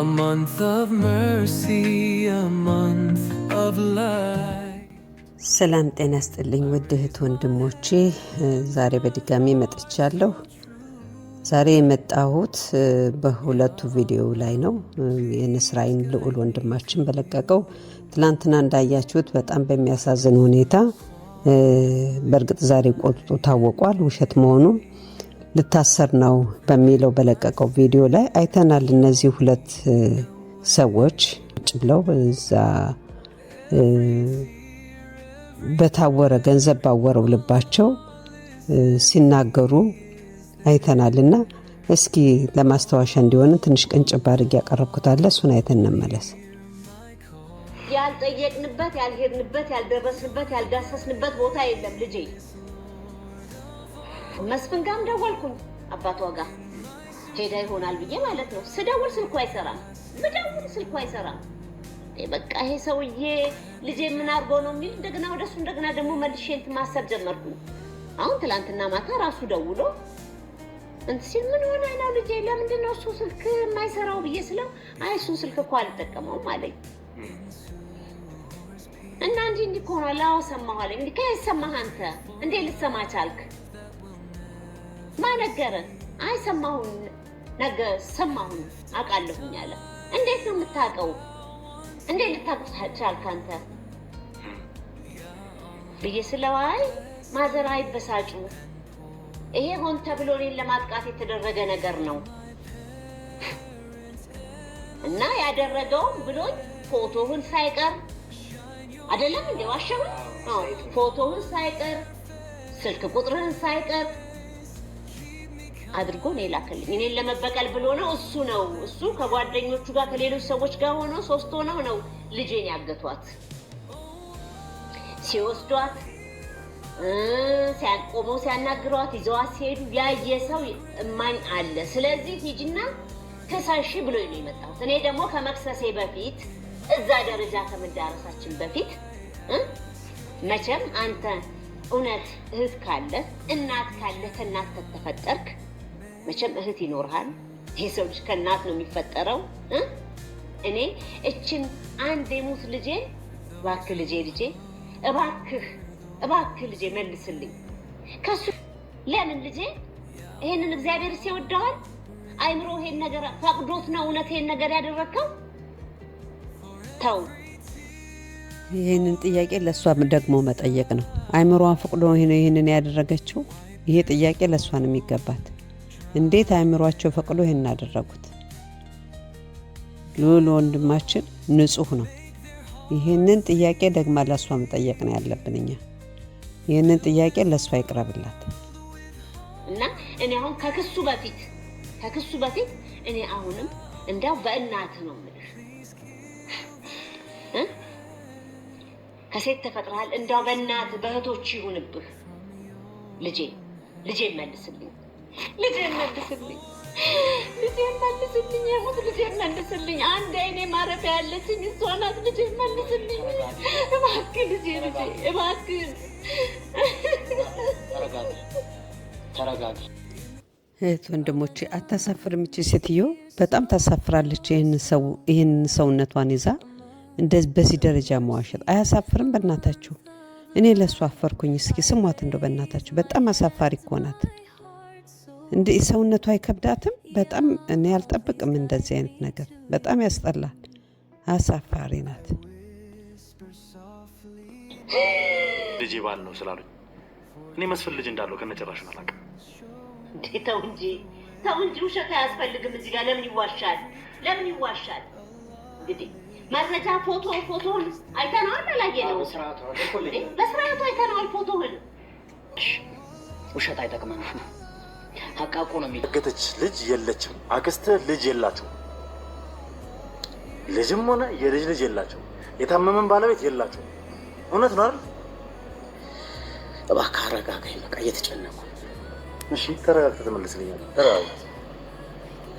A month of mercy, a month of light. ሰላም ጤና ስጥልኝ ውድ እህት ወንድሞቼ፣ ዛሬ በድጋሚ መጥቻለሁ። ዛሬ የመጣሁት በሁለቱ ቪዲዮ ላይ ነው። የንስራይን ልዑል ወንድማችን በለቀቀው ትላንትና እንዳያችሁት በጣም በሚያሳዝን ሁኔታ በእርግጥ ዛሬ ቆርጦ ታወቋል ውሸት መሆኑም ልታሰር ነው በሚለው በለቀቀው ቪዲዮ ላይ አይተናል። እነዚህ ሁለት ሰዎች ቁጭ ብለው እዛ በታወረ ገንዘብ ባወረው ልባቸው ሲናገሩ አይተናልና እስኪ ለማስታወሻ እንዲሆን ትንሽ ቅንጭብ አድርጌ ያቀረብኩታለ እሱን አይተን እንመለስ። ያልጠየቅንበት ያልሄድንበት ያልደረስንበት ያልዳሰስንበት ቦታ የለም ልጄ መስፍን ጋም ደወልኩኝ አባቷ ጋር ሄዳ ይሆናል ብዬ ማለት ነው። ስደውል ስልኩ አይሰራም፣ ስደውል ስልኩ አይሰራም። በቃ ይሄ ሰውዬ ልጄ ምን አድርጎ ነው የሚል እንደገና ወደሱ እንደገና ደግሞ መልሼ እንትን ማሰብ ጀመርኩ አሁን ትላንትና ማታ ራሱ ደውሎ እንትን ሲል ምን ሆነ ነው ልጄ ለምንድን ነው እሱ ስልክ የማይሰራው ብዬ ስለው አይ እሱን ስልክ እኮ አልጠቀመውም አለኝ እና እንዲህ እንዲህ ከሆኗል። አዎ ሰማሁ አለኝ። እንዲህ ከየት ሰማህ አንተ? እንዴ ልትሰማ ቻልክ? አይ ሰማሁን ነገ ሰማሁን አውቃለሁኝ አለ። እንዴት ነው የምታውቀው? እንዴት ልታውቅ ቻልክ አንተ ብዬ ስለዋይ ማዘር አይበሳጩ፣ ይሄ ሆን ተብሎ እኔን ለማጥቃት የተደረገ ነገር ነው እና ያደረገውም ብሎኝ ፎቶውን ሳይቀር አይደለም እንዴ ዋሸሁን ፎቶውን ሳይቀር ስልክ ቁጥርህን ሳይቀር አድርጎ ነው የላከልኝ። እኔን ለመበቀል ብሎ ነው እሱ ነው እሱ ከጓደኞቹ ጋር ከሌሎች ሰዎች ጋር ሆኖ ሶስት ሆነው ነው ልጄን ያገቷት። ሲወስዷት፣ ሲያቆመው፣ ሲያናግሯት፣ ይዘዋት ሲሄዱ ያየ ሰው እማኝ አለ። ስለዚህ ሂጂና ከሳሺ ብሎ ነው የመጣሁት። እኔ ደግሞ ከመክሰሴ በፊት እዛ ደረጃ ከመዳረሳችን በፊት መቼም አንተ እውነት እህት ካለ እናት ካለ ከእናት ከተፈጠርክ መቼም እህት ይኖርሃል። ይህ ሰው ልጅ ከእናት ነው የሚፈጠረው። እኔ እችን አንድ የሙት ልጄ እባክህ ልጄ ልጄ እባክህ እባክህ ልጄ መልስልኝ ከሱ ለምን ልጄ ይሄንን እግዚአብሔር ሲወደዋል አይምሮ ይሄን ነገር ፈቅዶት ነው እውነት ይሄን ነገር ያደረግከው ተው ይህንን ጥያቄ ለእሷ ደግሞ መጠየቅ ነው አይምሮዋን ፈቅዶ ይህንን ያደረገችው ይሄ ጥያቄ ለእሷን ነው የሚገባት እንዴት አእምሯቸው ፈቅዶ ይህን አደረጉት? ልዑል ወንድማችን ንጹህ ነው። ይህንን ጥያቄ ደግማ ለእሷ መጠየቅ ነው ያለብን እኛ። ይህንን ጥያቄ ለእሷ ይቅረብላት እና እኔ አሁን ከክሱ በፊት ከክሱ በፊት እኔ አሁንም እንዲያው በእናት ነው የምልህ ከሴት ተፈጥረሃል። እንዲያው በእናት በእህቶች ይሁንብህ ልጄ ልጄ መልስልኝ። ልጄን መልስልኝ፣ ልጄን መልስልኝ፣ የሙት ልጄን መልስልኝ። አንድ አይኔ ማረፊያ ያለችኝ እሷ ናት። ልጄን መልስልኝ እባክህ፣ ልጄ ልጄ፣ እባክህ። ተረጋጊ፣ እህት ወንድሞቼ፣ አታሳፍርም። ይቺ ሴትዮ በጣም ታሳፍራለች። ይህን ሰውነቷን ይዛ እንደዚህ በዚህ ደረጃ መዋሸት አያሳፍርም? በእናታችሁ እኔ ለእሱ አፈርኩኝ። እስኪ ስሟት እንደው በእናታችሁ፣ በጣም አሳፋሪ እኮ ናት። እንዲህ ሰውነቱ አይከብዳትም። በጣም እኔ አልጠብቅም እንደዚህ አይነት ነገር በጣም ያስጠላል። አሳፋሪ ናት። ልጄ ባል ነው ስላሉኝ እኔ መስፍን ልጅ እንዳለው ከነጭራሽ አላውቅም። ተው እንጂ ተው እንጂ ውሸት አያስፈልግም። እዚህ ጋር ለምን ይዋሻል? ለምን ይዋሻል? እንግዲህ መረጃ ፎቶ ፎቶን አይተነዋል። አላየ ነው በስርዓቱ አይተነዋል። ፎቶህን ውሸት አይጠቅመንም። አቃቁ ነው የሚለው። ያገተች ልጅ የለችም። አክስት ልጅ የላቸው፣ ልጅም ሆነ የልጅ ልጅ የላቸው፣ የታመመን ባለቤት የላቸው። እውነት ነው አይደል? እባክህ አረጋጋኝ። በቃ እየተጨነኩ እሺ፣ ተረጋግተህ ትመልስልኛለህ። ተረጋግተህ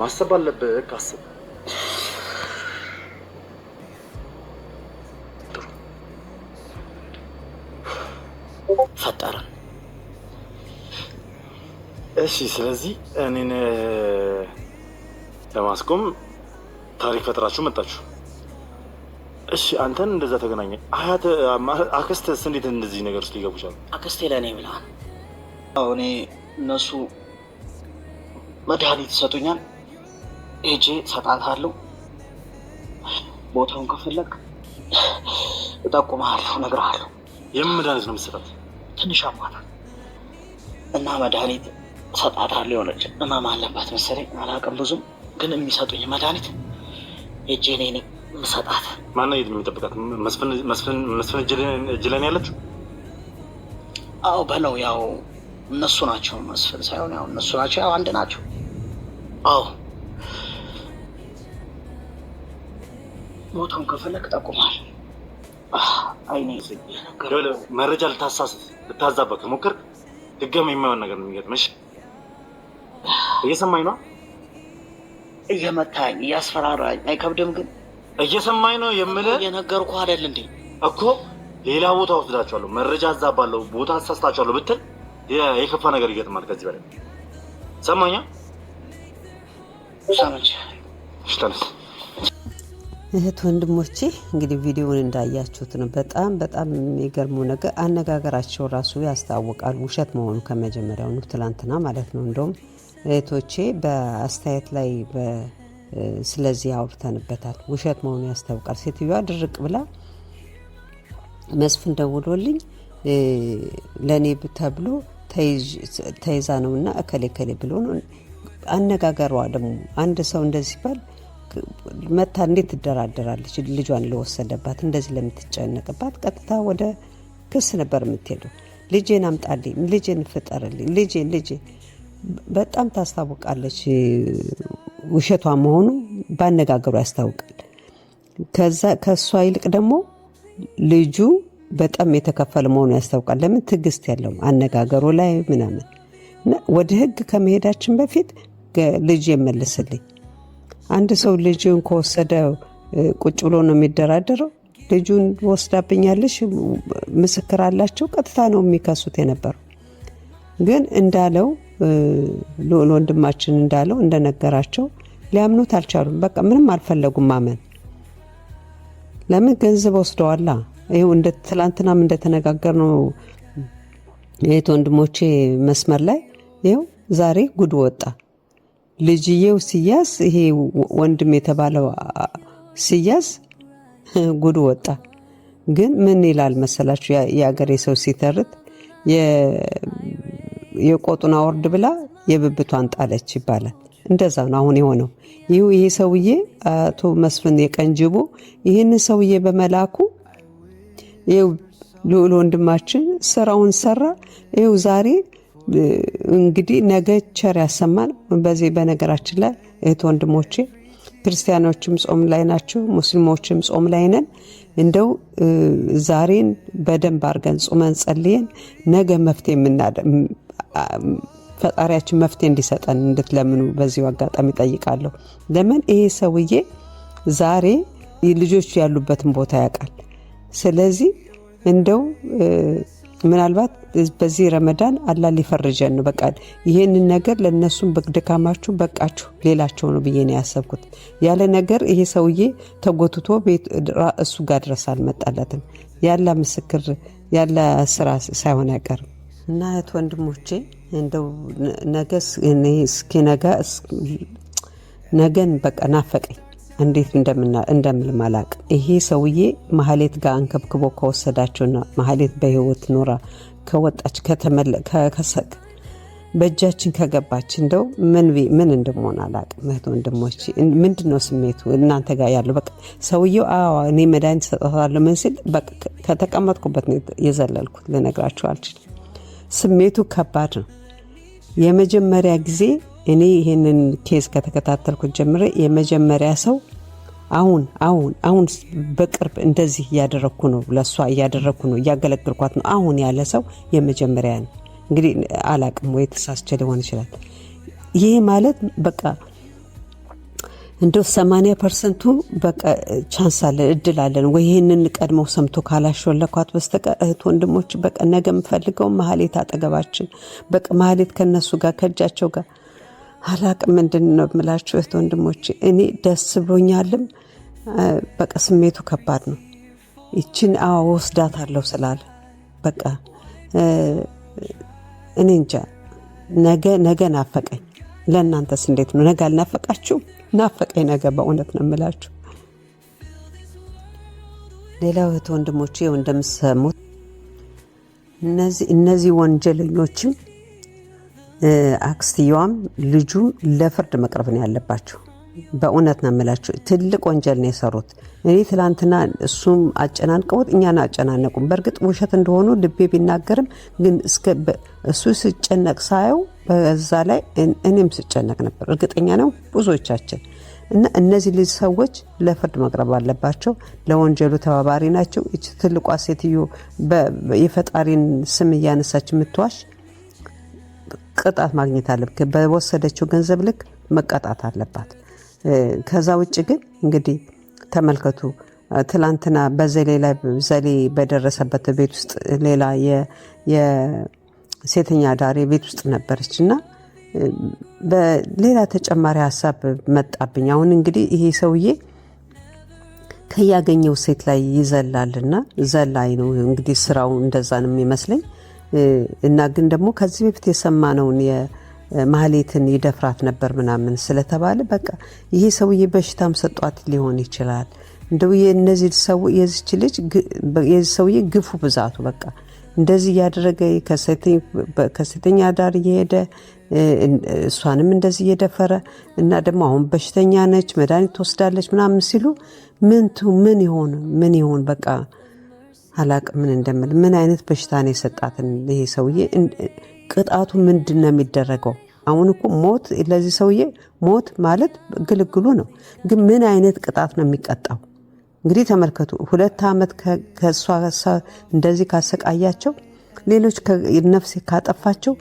ማሰብ አለብህ። አስብ። ፈጠረን እሺ፣ ስለዚህ እኔን ለማስቆም ታሪክ ፈጥራችሁ መጣችሁ። እሺ፣ አንተን እንደዛ ተገናኘ አያት አክስትስ እንዴት እንደዚህ ነገር ውስጥ ሊገቡ ይችላል? አክስቴ ለእኔ ብለዋል። አዎ፣ እኔ እነሱ መድኃኒት ይሰጡኛል። ሄጄ ሰጣታለሁ። ቦታውን ከፈለግ እጠቁምሃለሁ፣ እነግርሃለሁ። የምን መድኃኒት ነው የምትሰጣት? ትንሽ አሟታል እና መድኃኒት ሰጣታለሁ። የሆነች እማም አለባት መሰለኝ አላውቅም። ብዙም ግን የሚሰጡኝ መድኃኒት ሄጄ እኔ ነኝ የምሰጣት። ማነው የት ነው የሚጠብቃት? መስፍን እጅ ላይ ያለችው? አዎ በለው ያው እነሱ ናቸው። መስፍን ሳይሆን ያው እነሱ ናቸው። ያው አንድ ናቸው። አዎ ቦታውን ከፈለግ ጠቁማል። አይኔ መረጃ ልታሳስ ልታዛባ ከሞከርክ ድጋሚ የማይሆን ነገር ነው የሚገጥመሽ። እየሰማኝ ነው፣ እየመታኝ እያስፈራራኝ። አይከብድም ግን እየሰማኝ ነው የምልህ። የነገርኩ አይደል እንዴ እኮ ሌላ ቦታ ወስዳቸዋለሁ፣ መረጃ አዛባለሁ፣ ቦታ አሳስታቸዋለሁ ብትል የከፋ ነገር ይገጥማል ከዚህ በላይ ሰማኛ። እህት ወንድሞቼ እንግዲህ ቪዲዮውን እንዳያችሁት ነው። በጣም በጣም የሚገርመው ነገር አነጋገራቸው ራሱ ያስታውቃል ውሸት መሆኑ ከመጀመሪያውኑ ትላንትና ማለት ነው እንደውም እህቶቼ በአስተያየት ላይ ስለዚህ አውርተንበታል። ውሸት መሆኑ ያስታውቃል። ሴትዮዋ ድርቅ ብላ መስፍን ደውሎልኝ ለእኔ ተብሎ ተይዛ ነውና እከሌ ከሌ ብሎ ነው አነጋገሯ። ደግሞ አንድ ሰው እንደዚህ ሲባል መታ እንዴት ትደራደራለች? ልጇን ለወሰደባት እንደዚህ ለምትጨነቅባት ቀጥታ ወደ ክስ ነበር የምትሄደው። ልጄን አምጣልኝ፣ ልጄን ፍጠርልኝ፣ ልጄ ልጄ በጣም ታስታውቃለች። ውሸቷ መሆኑ ባነጋገሩ ያስታውቃል። ከእሷ ይልቅ ደግሞ ልጁ በጣም የተከፈለ መሆኑ ያስታውቃል። ለምን ትዕግስት ያለው አነጋገሩ ላይ ምናምን ወደ ህግ ከመሄዳችን በፊት ልጅ የመልስልኝ። አንድ ሰው ልጅን ከወሰደ ቁጭ ብሎ ነው የሚደራደረው። ልጁን ወስዳብኛለሽ፣ ምስክር አላቸው፣ ቀጥታ ነው የሚከሱት የነበረው ግን እንዳለው ልዑል ወንድማችን እንዳለው እንደነገራቸው ሊያምኑት አልቻሉም። በቃ ምንም አልፈለጉም ማመን። ለምን ገንዘብ ወስደዋላ። ይኸው እንደ ትላንትናም እንደተነጋገር ነው የት ወንድሞቼ መስመር ላይ ይኸው ዛሬ ጉድ ወጣ። ልጅዬው ሲያዝ ይሄ ወንድም የተባለው ሲያዝ ጉድ ወጣ። ግን ምን ይላል መሰላችሁ የአገሬ ሰው ሲተርት የቆጡን አወርድ ብላ የብብቷን ጣለች ይባላል። እንደዛ ነው አሁን የሆነው። ይህ ይሄ ሰውዬ አቶ መስፍን የቀንጅቦ ይህንን ሰውዬ በመላኩ ልዑል ወንድማችን ስራውን ሰራ። ይኸው ዛሬ እንግዲህ ነገ ቸር ያሰማን። በዚህ በነገራችን ላይ እህት ወንድሞቼ፣ ክርስቲያኖችም ጾም ላይ ናቸው፣ ሙስሊሞችም ጾም ላይ ነን። እንደው ዛሬን በደንብ አድርገን ጾመን ጸልየን ነገ መፍትሄ ፈጣሪያችን መፍትሄ እንዲሰጠን እንድትለምኑ በዚሁ አጋጣሚ ጠይቃለሁ። ለምን ይሄ ሰውዬ ዛሬ ልጆቹ ያሉበትን ቦታ ያውቃል። ስለዚህ እንደው ምናልባት በዚህ ረመዳን አላ ሊፈርጀን ነው። በቃ ይህንን ነገር ለእነሱም ድካማችሁ በቃችሁ ሌላቸው ነው ብዬ ነው ያሰብኩት። ያለ ነገር ይሄ ሰውዬ ተጎትቶ እሱ ጋር ድረስ አልመጣለትም። ያለ ምስክር ያለ ስራ ሳይሆን አይቀርም። እና እህት ወንድሞቼ እንደው ነገ እስኪ ነገ ነገን በቃ ናፈቀኝ እንዴት እንደምል ይሄ ሰውዬ መሀሌት ጋር አንከብክቦ ከወሰዳቸውና መሀሌት በህይወት ኖራ ከወጣች ከተመለከሰቅ በእጃችን ከገባች እንደው ምን ምን እንደመሆን አላቅም። እህት ወንድሞች ምንድን ነው ስሜቱ እናንተ ጋር ያለው? በቃ ሰውየው አዎ እኔ መድኃኒት ሰጠታለሁ ምን ሲል ከተቀመጥኩበት የዘለልኩት። ልነግራችሁ አልችልም። ስሜቱ ከባድ ነው። የመጀመሪያ ጊዜ እኔ ይህንን ኬዝ ከተከታተልኩ ጀምረ የመጀመሪያ ሰው አሁን አሁን አሁን በቅርብ እንደዚህ እያደረግኩ ነው፣ ለእሷ እያደረግኩ ነው፣ እያገለግልኳት ነው አሁን ያለ ሰው የመጀመሪያ ነው። እንግዲህ አላቅም ወይ ተሳስቼ ሊሆን ይችላል። ይህ ማለት በቃ እንደው 80 ፐርሰንቱ በቃ ቻንስ አለን እድል አለን ወይ? ይህንን ቀድመው ሰምቶ ካላሾለኳት በስተቀር እህት ወንድሞች፣ በቃ ነገ የምፈልገው መሀሌት አጠገባችን፣ በቃ መሀሌት ከነሱ ጋር ከእጃቸው ጋር አላቅ ምንድን ነው የምላችሁ እህት ወንድሞች፣ እኔ ደስ ብሎኛልም። በቃ ስሜቱ ከባድ ነው። ይችን አዎ ወስዳት አለው ስላለ በቃ እኔ እንጃ ነገ ነገ ናፈቀኝ። ለእናንተስ እንዴት ነው? ነገ አልናፈቃችሁም? ናፈቀኝ ነገር በእውነት ነው የምላችሁ። ሌላው እህት ወንድሞቼ እንደምሰሙት እነዚህ ወንጀለኞችም አክስትየዋም ልጁም ለፍርድ መቅረብ ነው ያለባቸው። በእውነት ነው የምላቸው ትልቅ ወንጀል ነው የሰሩት። እኔ ትላንትና እሱም አጨናንቀውት እኛን አጨናነቁም። በእርግጥ ውሸት እንደሆኑ ልቤ ቢናገርም ግን እሱ ስጨነቅ ሳየው፣ በዛ ላይ እኔም ስጨነቅ ነበር። እርግጠኛ ነው ብዙዎቻችን እና እነዚህ ልጅ ሰዎች ለፍርድ መቅረብ አለባቸው። ለወንጀሉ ተባባሪ ናቸው። ይች ትልቋ ሴትዮ የፈጣሪን ስም እያነሳች የምትዋሽ ቅጣት ማግኘት አለብ። በወሰደችው ገንዘብ ልክ መቀጣት አለባት። ከዛ ውጭ ግን እንግዲህ ተመልከቱ ትላንትና በዘሌ ላይ ዘሌ በደረሰበት ቤት ውስጥ ሌላ የሴተኛ አዳሪ ቤት ውስጥ ነበረች እና በሌላ ተጨማሪ ሀሳብ መጣብኝ። አሁን እንግዲህ ይሄ ሰውዬ ከያገኘው ሴት ላይ ይዘላልና ዘላይ ነው እንግዲህ ስራው እንደዛ ነው የሚመስለኝ እና ግን ደግሞ ከዚህ በፊት የሰማነውን ማህሌትን ይደፍራት ነበር ምናምን ስለተባለ በቃ ይሄ ሰውዬ በሽታም ሰጧት ሊሆን ይችላል። እንደው የነዚህ ሰው የዚች ልጅ የዚህ ሰውዬ ግፉ ብዛቱ በቃ እንደዚህ እያደረገ ከሴተኛ ዳር እየሄደ እሷንም እንደዚህ እየደፈረ እና ደግሞ አሁን በሽተኛ ነች መድኃኒት ትወስዳለች ምናምን ሲሉ ምንቱ ምን ይሆን ምን ይሆን በቃ አላቅ ምን እንደምል ምን አይነት በሽታ ነው የሰጣትን ይሄ ሰውዬ ቅጣቱ ምንድን ነው የሚደረገው? አሁን እኮ ሞት ለዚህ ሰውዬ ሞት ማለት ግልግሉ ነው። ግን ምን አይነት ቅጣት ነው የሚቀጣው? እንግዲህ ተመልከቱ። ሁለት ዓመት ከእሷ እንደዚህ ካሰቃያቸው፣ ሌሎች ነፍሴ ካጠፋቸው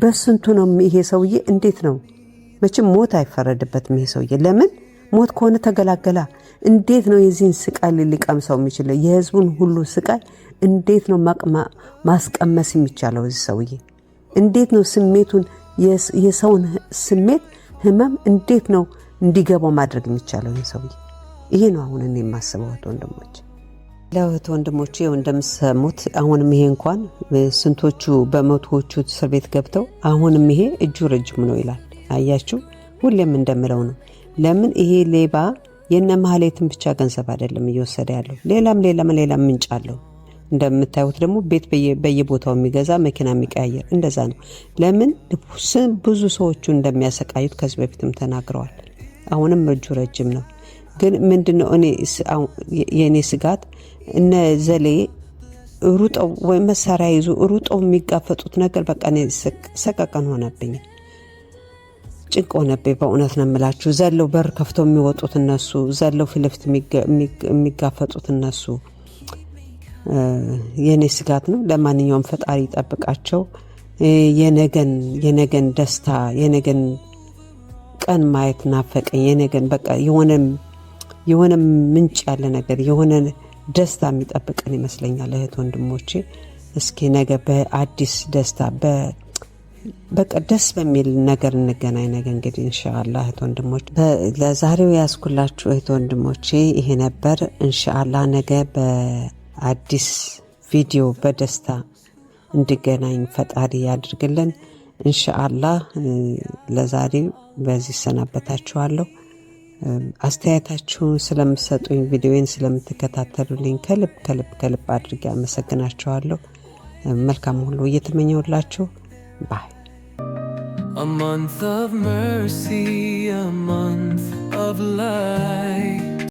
በስንቱ ነው ይሄ ሰውዬ? እንዴት ነው መቼም ሞት አይፈረድበትም ይሄ ሰውዬ። ለምን ሞት ከሆነ ተገላገላ። እንዴት ነው የዚህን ስቃይ ሊቀምሰው የሚችለው? የህዝቡን ሁሉ ስቃይ እንዴት ነው ማስቀመስ የሚቻለው እዚህ ሰውዬ? እንዴት ነው ስሜቱን የሰውን ስሜት ህመም እንዴት ነው እንዲገባው ማድረግ የሚቻለው? ይህ ይሄ ነው አሁን እኔ የማስበው። እህት ወንድሞች ለእህት ወንድሞች ው እንደምሰሙት አሁንም ይሄ እንኳን ስንቶቹ በመቶዎቹ እስር ቤት ገብተው አሁንም ይሄ እጁ ረጅም ነው ይላል። አያችሁ፣ ሁሌም እንደምለው ነው። ለምን ይሄ ሌባ የነ ማህሌትን ብቻ ገንዘብ አይደለም እየወሰደ ያለው ሌላም ሌላም ሌላም ምንጭ አለው። እንደምታዩት ደግሞ ቤት በየቦታው የሚገዛ መኪና የሚቀያየር እንደዛ ነው። ለምን ብዙ ሰዎቹ እንደሚያሰቃዩት ከዚህ በፊትም ተናግረዋል። አሁንም እጁ ረጅም ነው። ግን ምንድነው እኔ የእኔ ስጋት እነ ዘሌ ሩጠው ወይም መሳሪያ ይዞ ሩጠው የሚጋፈጡት ነገር በቃ እኔ ሰቀቀን ሆነብኝ፣ ጭንቅ ሆነብኝ። በእውነት ነው የምላችሁ ዘለው በር ከፍተው የሚወጡት እነሱ፣ ዘለው ፊት ለፊት የሚጋፈጡት እነሱ የእኔ ስጋት ነው። ለማንኛውም ፈጣሪ ይጠብቃቸው። የነገን የነገን ደስታ የነገን ቀን ማየት ናፈቀኝ። የነገን በቃ የሆነ የሆነ ምንጭ ያለ ነገር የሆነ ደስታ የሚጠብቀን ይመስለኛል። እህት ወንድሞቼ፣ እስኪ ነገ በአዲስ ደስታ በቃ ደስ በሚል ነገር እንገናኝ። ነገ እንግዲህ እንሻአላ እህት ወንድሞች፣ ለዛሬው ያስኩላችሁ እህት ወንድሞቼ ይሄ ነበር። እንሻአላ ነገ አዲስ ቪዲዮ በደስታ እንድገናኝ ፈጣሪ ያድርግልን። እንሻአላህ ለዛሬው በዚህ ይሰናበታችኋለሁ። አስተያየታችሁን ስለምሰጡኝ፣ ቪዲዮን ስለምትከታተሉልኝ ከልብ ከልብ ከልብ አድርጌ አመሰግናችኋለሁ። መልካም ሁሉ እየተመኘውላችሁ ባይ A month of mercy, a month of light.